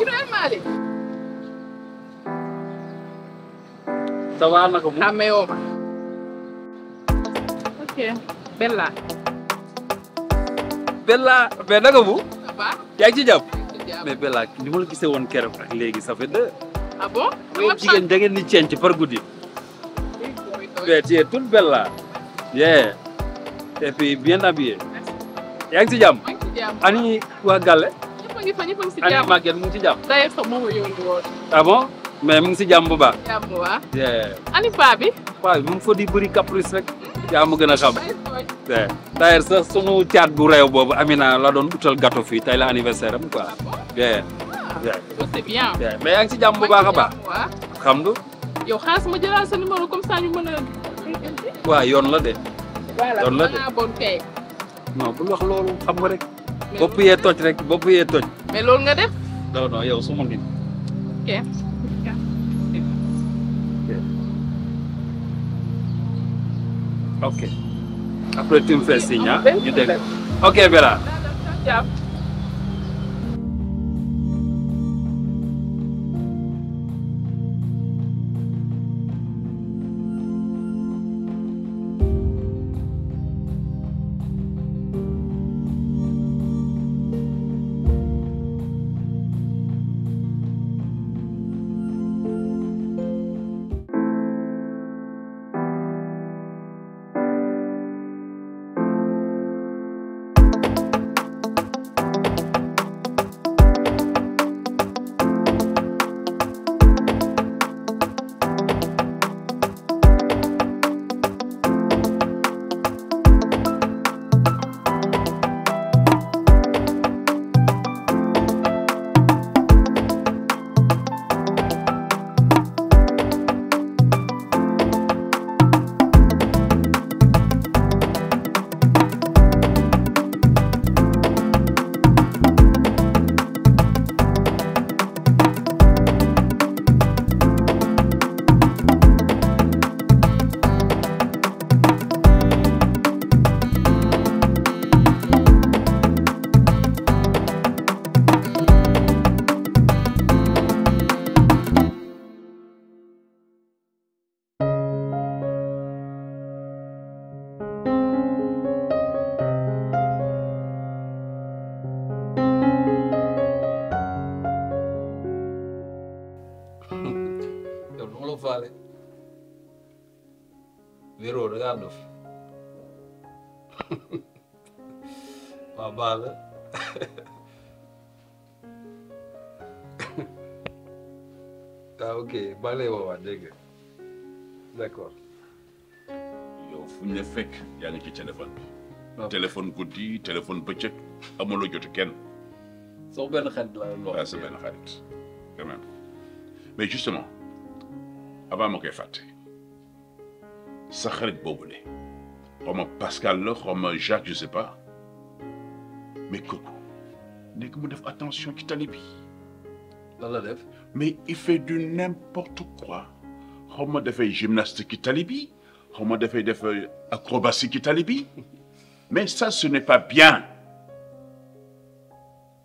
Ibrahima Malick. ça va Bella. Bella mais naka mu. ça ci jàpp. mais Bella ni ma la gisee woon keroog ak léegi ça fait deux. ah bon dama jigéen da par guddi. mais tu es toute belle là. yeah et puis bien ci jàmm. ani waa Galle. ma ngi fa ñëpp a ngi si jàmm Aliou Maguette mu ngi si jàmm. d'ailleurs sax moo ma bon mais mu ngi si jàmm bu baax. jàmm bu baax. Aliou Paa bi. Paa bi mu ngi fa di bëri caprice rek. yaa ma gën a xam. d'ailleurs sax sunu caat bu réew boobu Amina la doon utal gâteau fii tey la anniversaire am quoi. bien. c'est bien. mais yaa ngi si jàmm bu baax a baax. xam nga. yow xaas ma jëlaat sa numéro comme ça ñu mën a. waaw yoon la de. bopp yee toj rek bopp yee toj. mais loolu nga def. non non yow su ma nit. ok. ok. après tu me fais signe ah. ñu dégg. faale wéroo da ngaa dof waaw baax na ah d'accord yow fu ñu yaa ngi ci téléphone téléphone guddi téléphone bëccëg amuloo joti kenn sax benn xarit laa doon wax sa benn xarit quand même justement avant que koy fàtte sa xarit Pascal là, xaw Jacques je sais pas mais Coco, nekk mu attention qui tali bi def mais il fait du n'importe quoi xaw il dafay gymnastique ci tali bi Il fait dafay def euh, acrobatie ci bi mais ça ce n'est pas bien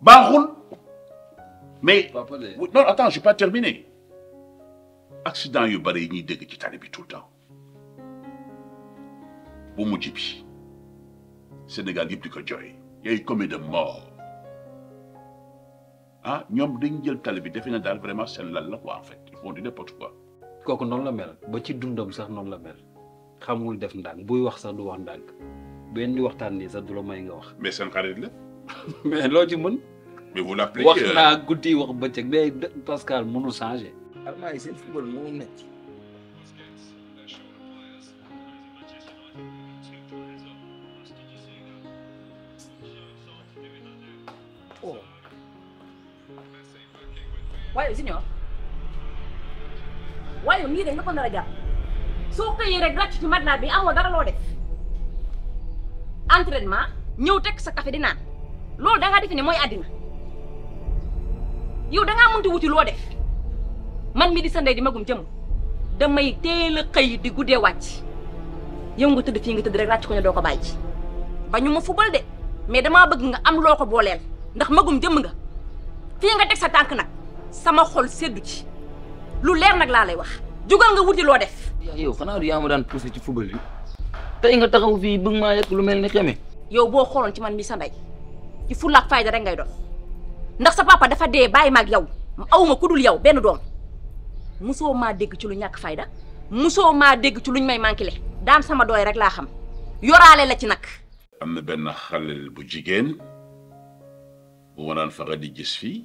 baaxul mais non attends j'ai pas terminé accident yu bari ñi dégg ci tali bi tout temps bu mujj bi Sénégal yëpp di ko joy yay commis de mort ah ñoom dañ jël tali bi defe na daal vraiment seen lal la quoi en fait ils font du n'importe quoi kooku noonu la mel ba ci dundam sax noonu la mel xamul def ndànk buy wax sax du wax ndànk benn di waxtaan nii sax du la may nga wax mais seen xarit la mais loo ci mën mais vous l'appelez wax euh, naa guddi wax bëccëg mais Pascal munu changer Allemagne yi seen football moo metti oh waaye junior waaye nii de nga ko nar a jàpp soo xëyee rek ràcc ci matelas bi amoo dara loo def entraînement ñëw teg sa café di naan loolu da ngaa defe ne mooy àddina yow da ngaa mënti wuti loo def man mi di sa ndey di magum jëm damay te a xëy di guddee wàcc yow nga tëdd fii nga tëdd rek ràcc ko ne doo ko bàyyi ba ñu ma fubal de mais damaa bëgg nga am loo ko booleel ndax magum jëmm nga fii nga teg sa tànk nag sama xol sedd ci lu leer nag laa lay wax jugal nga wuti loo def. yow xanaa du yaa ma daan poussé ci fubal bi tey nga taxaw fii bëgg maa yekk lu mel ni xeme. yow boo xooloon ci man mi sa ndey ci fulla ak fayda rek ngay dox ndax sa papa dafa dee bàyyi ma ak yow awuma ku yow benn doom. musoo maa dégg ci lu ñàkk fayda musoo maa dégg ci luñ may manqué daan sama doy rek laa xam yoraale la ci nag. am na benn xalel bu jigéen bu ma daan faral di gis fii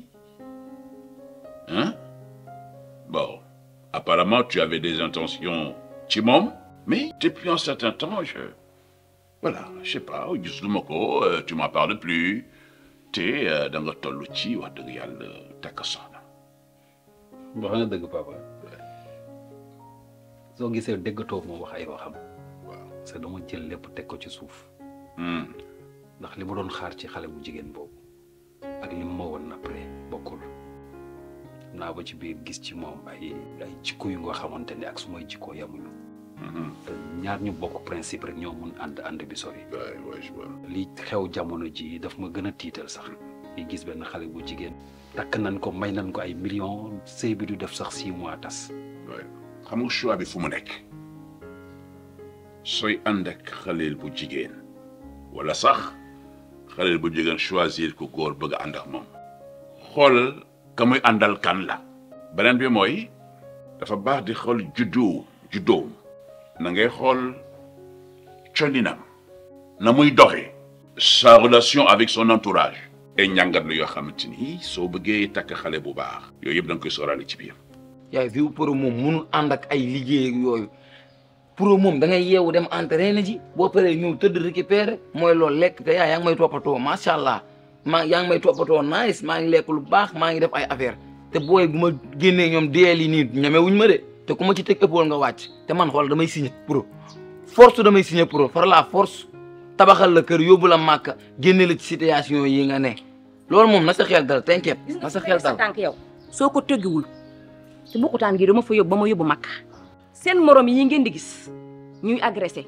ah bon apparemment tu avais des intentions ci moom. mais depuis un certain temps je voilà je sais pas gisuma ko euh, tu m'en parles plus te euh, da nga toll ci wax dëgg yàlla takk soxna wax nga dëgg papa soo gisee déggatoo moo wax ay waxam. waaw jël lépp teg ko ci suuf. Hmm. ndax li ma doon xaar ci xale bu jigéen boobu ak li ma woon après bokkul naa ba ci biir gis ci moom ay ay jikko yu nga xamante ne ak su may jikkoo yamuñu. Hmm. ñaar ñu bokk principe rek ñoo mun ànd ànd bi sori. li xew jamono ji daf ma gën a tiital sax. Hmm. Il gis benn xale bu jigéen il ko may nan ko ay millions sëy bi du def sax 6 mois tas xam choix bi fu mu Khalil pour wala sax khalil bu jigen choisir ko gor beug mom ka kan la benen bi moy dafa bax di xool juddu juddoom na ngay na muy sa relation avec son entourage ay njàngat la yoo xamante ni soo bëggee takk xale bu baax yooyu yëpp da nga koy sóoraale ci biir. yaay viwu pro moom munul ànd ak ay liggéey yooyu pro moom da ngay yeewu dem entraîné ji boo paree ñëw tëdd récupéré mooy loolu lekk te yaay yaa ngi may toppatoo macha allah maa yaa ngi may toppatoo nice maa ngi lekk lu baax maa ngi def ay affaire te booy bu ma génnee ñoom deel yi nii ñeme wuñ ma de te ku ma ci teg ëppoon nga wàcc te man xool damay signé pro force damay signé pro par la force. tabaxal la kër yóbbu la màkka génne la ci situation yi nga ne loolu moom na sa xel dal t'inquiète na sa xel dal tànk yow soo ko tëggiwul ci bukkutaan gi dama fa yóbbu ba ma yóbbu màkka seen morom yi ngeen di gis ñuy agressé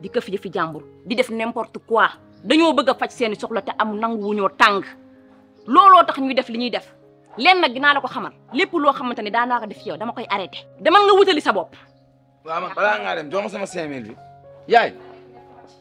di këf yëfi jàmbur di def n'importe quoi dañoo bëgg a faj seeni soxla te am nanguwuñoo tàng looloo tax ñuy def li ñuy def leen nag dinaa la ko xamal lépp loo xamante ni daanaa ko def yow dama koy arrêté. demal nga wutali sa bopp. balaa ngaa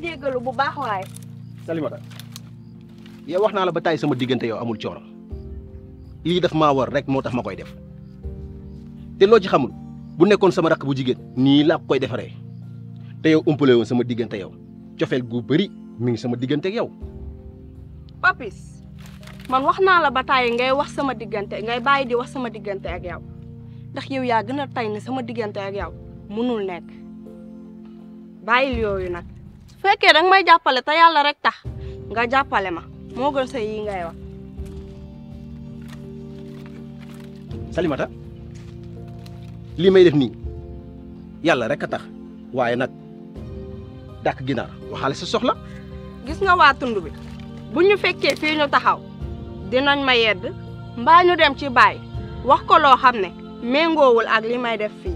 ngi bu baax waay. Salimata yow wax naa la ba tàyyi sama diggante yow amul coono lii daf ma war rek moo tax ma koy def te loo ci xamul bu nekkoon sama rakk bu jigéen nii laa koy defaree te yow umpale sama diggante yow cofeel gu bari mi ngi sama diggante ak yow. Papis man wax naa la ba tàyyi ngay wax sama diggante ngay bàyyi di wax sama diggante ak yow ndax yow yaa gën a tay ne sama diggante ak yow mënul nekk bàyyil yooyu nag. fekkee danga may jàppale te yàlla rek tax nga jàppale ma moo gën sa ngay wax. Salimata lii may def nii yàlla rek a tax waaye nag dàq ginaar waxaale sa soxla. gis nga waa tund bi bu ñu fekkee fii ñu taxaw dinañ ma yedd mbaa ñu dem ci baay wax ko loo xam ne méngoowul ak li may def fii.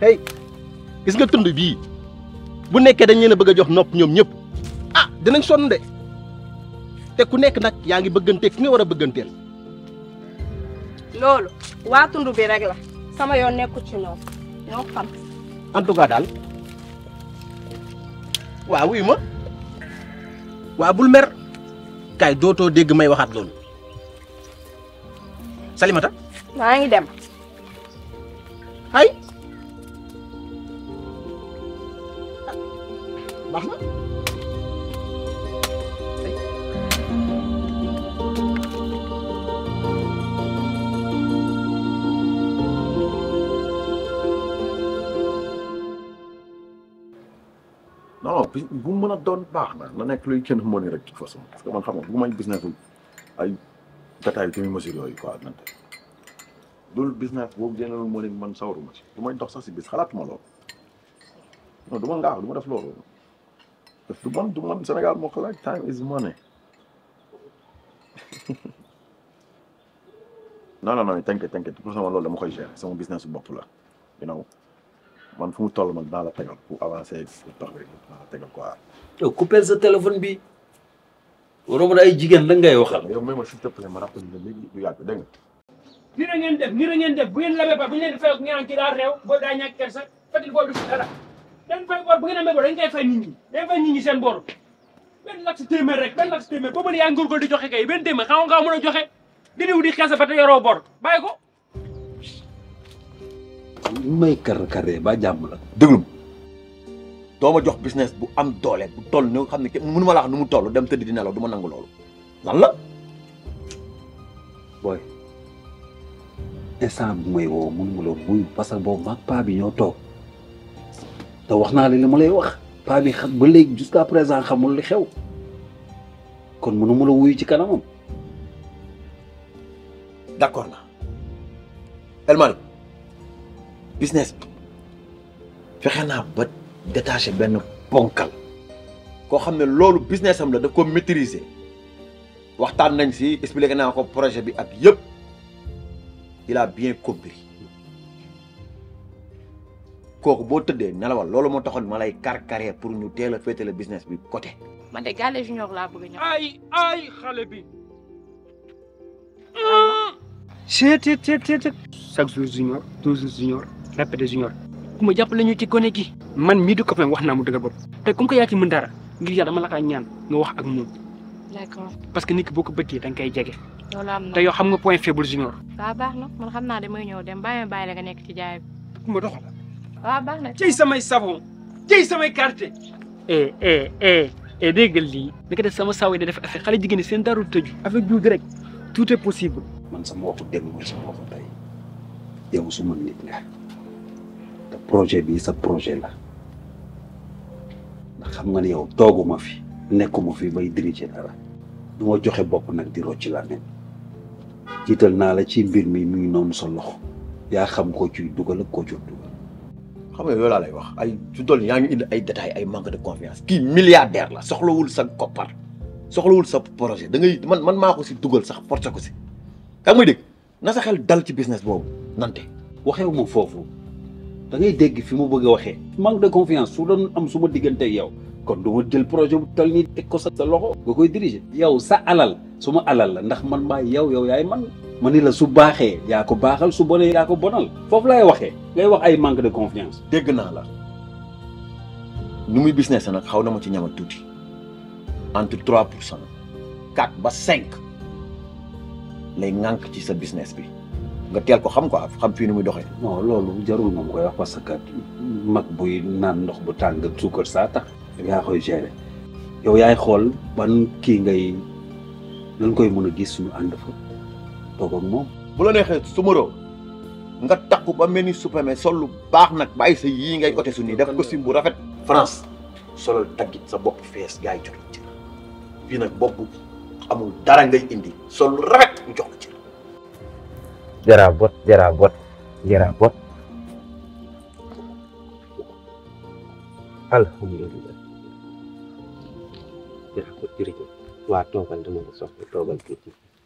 hey gis nga tund bii. bu nekkee dañ leen a bëgg a jox nopp ñoom ñëpp ah dinañ sonn de te ku nekk nag yaa ngi bëggante ki nga war a bëgganteel. loolu waa tund bi la sama yoon nekku ci ñoom ñoo xam. en daal waaw wuyu ma waa bul mer kaay dootoo dégg may waxaat loolu Salimata. maa ngi dem. baax na. non bu mu a doon baax na na nekk luy kenn mën rek de toute façon que man xam nga bu may business ay détails demi mesure yooyu quoi nante loolu business boobu dina lu mën man sawaruma ci du may dox si bis xalaatuma loolu non du ma ngaax du ma def loolu daf du man du man Sénégal moo ko laaj time is money non non non t'inquiète t'inquiète pour sama loolu dama koy gérer sama business su bopp la you know man fu mu toll man naa la tegal bi waroon na ay jigéen lan ngay waxal. yow ma s'il te plaît ma rappelé la léegi du yàgg dégg nga. nii la ngeen def nii la def bu ngeen labee ba bu ñu leen di fay ak ñaan kii daal réew boobu daa ñàkk kersa fekk boobu du dañ fay bor bu ngeen amee bor dañ koy fa nit ñi dañ seen bor benn lax si rek benn lax si téeméer boobu yaa ngóorgóor di joxe kay benn téeméer xam nga mën a joxe di diw di xase ba te yoroo bor bàyyi ko may kar karee ba jàmm la déglu doo ma jox business bu am doole bu tol ni xam ne kenn mënu ma la wax nu mu toll dem tëdd di nelaw du ma nangu loolu lan la booy instant bu may woo mënu ma la wuyu parce que boo mag paa bi ñoo toog te waxna la li ma lay wax pa bi xam ba leg jusqu'à présent xamul li xew kon mënuma la wuyu ci kanamam. d'accord na elman business bi fexe naa ba détaché ben ponkal ko xamné lolu business am la da ko maîtriser waxtan nañ ci expliquer na ko projet bi ak yëpp il a bien compris koku bo teude nala wal lolou mo taxone malay kar karé pour ñu téla fété le business bi côté. man dé galé Junior la bëgg ñu ay ay xalé bi. seet seet seet seet. chaque jour junior toujours junior répété junior. kuma japp lañu ci koné gi. man mi du copain wax naa mu dëgër bop té kum ko ya ci mën dara ngir yalla ma la ka ñaan nga wax ak moom. d'accord parce que nit ki boo ko bëggee da nga koy jege. loolu xam nga point faible junior. ba baax nak man xamna dé may ñëw dem baye baye la nga nekk ci jaay bi. ku ma doxal. waaw ah, baax na ci samay savon ci samay carte eh eh eh et eh, déggal lii naka def sama saw yi da def xale jigéen ñi seen darul tëju avec du direct tout est possible man sama waxu démb mooy sama waxu tey yow suma nit nga te projet bi sa projet la ndax xam nga ne yow tooguma fi nekkuma fi bay diriger dara du ma joxe bokk nag di rocc la nen jiital naa la ci mbir mi mi ngi noonu sa loxo yaa xam koo ci dugal ak koo ciy dugal xam nga yooyu laa lay wax ay su dool yaa ngi indi ay détails ay manque de confiance kii milliardaire la soxlawul sa koppar soxlawul sa projet da ngay man man maa ko si dugal sax forcé ko si yaa may dégg na sa xel dal ci business boobu nante waxeewu ma foofu da ngay dégg fi mu bëgg a waxee manque de confiance su doon am suma ma diggante yow kon du ma jël projet bu tal nii teg ko sa loxo nga koy diriger yow sa alal suma alal la ndax man maa yow yow yaay man ma la su baxé ya ko baxal su boné ya ko bonal foofu lay waxé ngay wax ay manque de confiance. dégg na la numuy business nak xawna na ma ci ñamal tuuti entre 3% 4 ba 5 lay ngank ci sa business bi nga tel ko xam ko xam fi numuy doxé non lolu jarul moom koy wax parce que mak bu naan ndox bu tàng sucre sa tax. yaa koy géré yow yaay xol ban ki ngay lan koy mëna gis suñu and fa toog bulan moom bu la neexee sumaro nga takku ba mel ni supame sol lu baax nag bàyyi sa yii ngay ote su def bu rafet France solal tagit sa bopp fees gaay jox ci fii nag bopp amul dara ngay indi sol lu rafet ñu jox ci jara bot jara bot jara bot alhamdulillah jara bot jërëjëf waa kan toogal dama la soxla toogal kan tuuti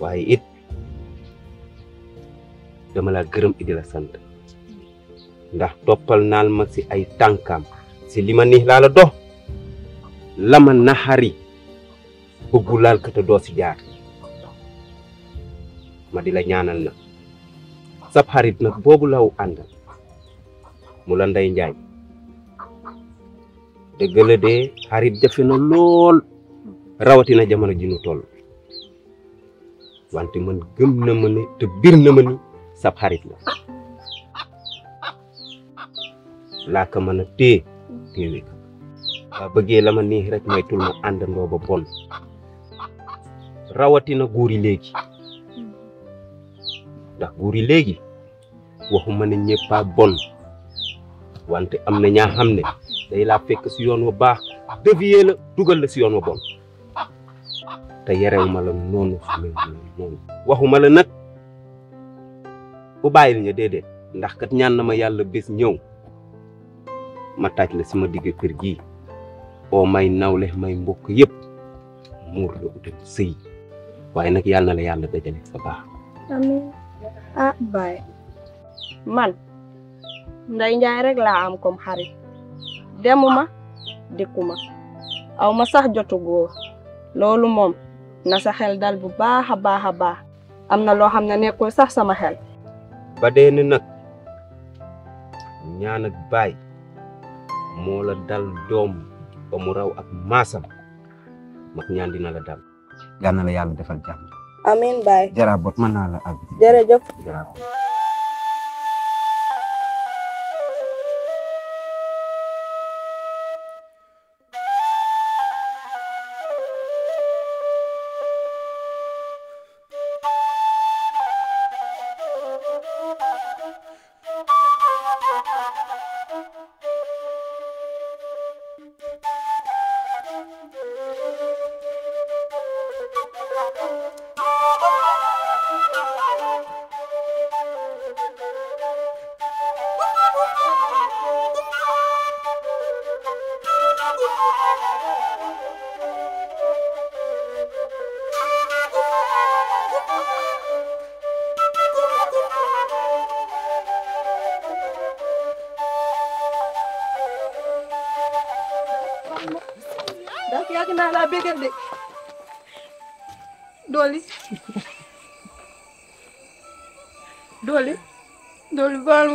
wahai it dama la gërëm idi la sant ndax toppal naal ma si ay tankam si lima ma neex laa la dox la ma naxari bëggu laal ka te doo si jaar ma di la ñaanal nag sab xarit nag boobu law àndal mu la nday njaay dëgg de na lool rawatina jamono ji nu wante man gëm na ma ne te bir na ma ni sab xarit la laa ko mën a téye téewe ko waa la ma neex rek mu and ndo ba bon rawati na yi legi ndax góor legi léegi waxuma ne pa bon wante amna ña xamne day la fekk ci yoon wu baax devier la duggal la ci yoon wu bon te yarewuma la noonu xamee noonu waxuma la nag bu bàyyi li ñu déedéet ndax kat ñaan na ma yàlla bés ñëw ma taaj la si ma digg kër gi oo may nawle may mbokk yëpp muur la sëy waaye nag yàlla na la yàlla dajale fa baax amiin ah baay man Ndeye Ndiaye rek laa am comme xarit demuma dikkuma aw ma sax jotu lolu mom na sa xel dal bu baax a baax amna lo am nekul sax sama xel. ba de ni nak ñaan ak bay mo la dal dom ba mu raw ak masam mak ñaan dina la dal. yal na la yalla defal amin bay jara bot mën naa la ab. jara bot ndax yàgg naa laa Doli, doli, doli doli, dooli baal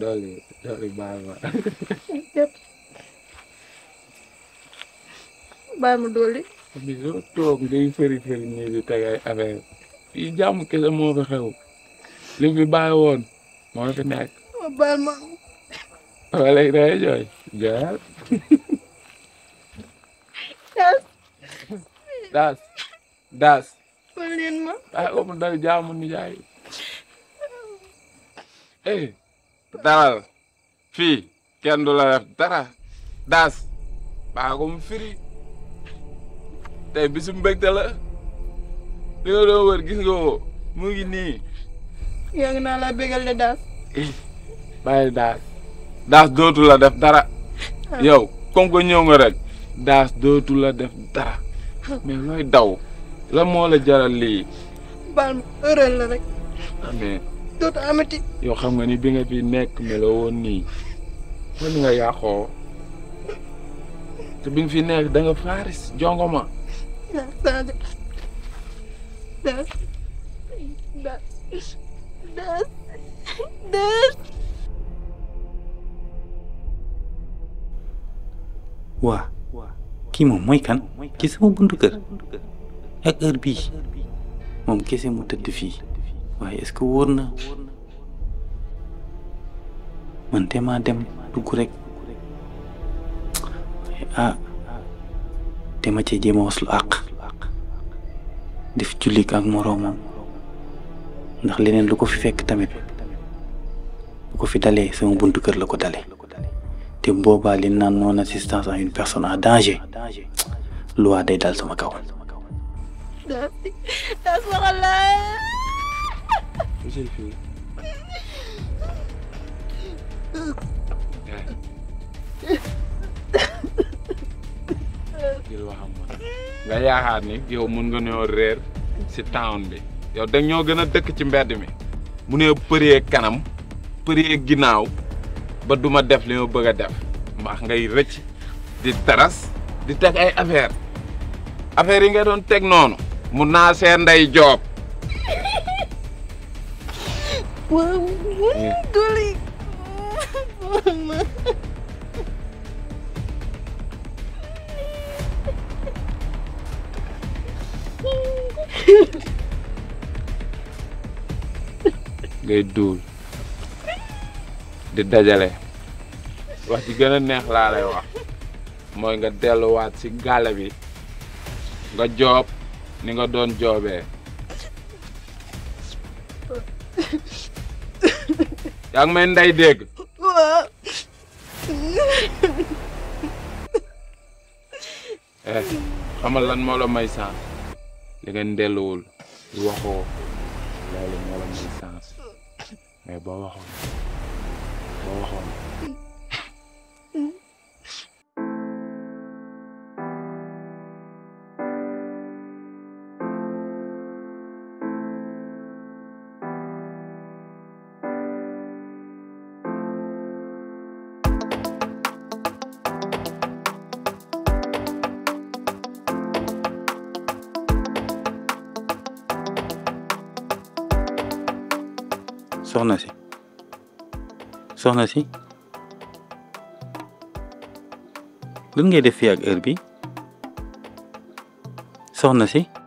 doli, doli dafa bàyyi mu dolli. bisoo toog ngay fëri fëri nii di teg ay affaire yi jàmm kese moo fi xew li woon moo fi nekk. ma baal ma. wala léegi day jooy jooyal. daas. daas. daas. xool leen ma. ay om dal jaamu ni jaay. Eh. firi. tey bisu mbégte la li nga doon wër gis nga ko mu ngi nii. yaa ngi naa la bégal de daas. bàyyi daas dootu la def dara. Ah. yow comme que ñëw nga rek daas dootu la def dara mais looy daw la moo la jaral lii. baal ma erreur la rek. Ah, mais dootu amati. yow xam nga ni bi nga fi nekk meloo woon nii man nga yàqoo te bi nga fi nekk da nga faaris jongoma. Dad. Dad. Dad. Dad. waa kii moom mooy kan ci sama buntu kër ak heure bii moom kese mu tëdd fii waaye est-ce que na man te maa dem dugg rek ah. te ma ci jéem waslu ak def julik ak moroomam ndax leneen lu ko fi fekk tamit bu ko fi dalé sama buntu kër la ko dalee te li naan non assistance à une personne en danger loi day dal sama kaw. jël nga yaakaar ni yow mun nga ñoo réer si town bi yow da ñoo gën a dëkk ci mbedd mi mu ne përee kanam përee ginnaaw ba duma def li ma bëgg a def mbaax ngay rëcc di taras di teg ay affaire affaire yi nga doon teg noonu mun naa seet nday joob ngay duul di dajale wax ci gën a neex laa lay wax mooy nga delluwaat ci gàlle bi nga joob ni nga doon joobe yaa ngi may ndey dégg eh xamal lan moo la may saan li ngeen delluwul waxoo loolu moo la may sens mais boo waxoon boo waxoon soxna si lan ngay def fii ak heure bi soxna si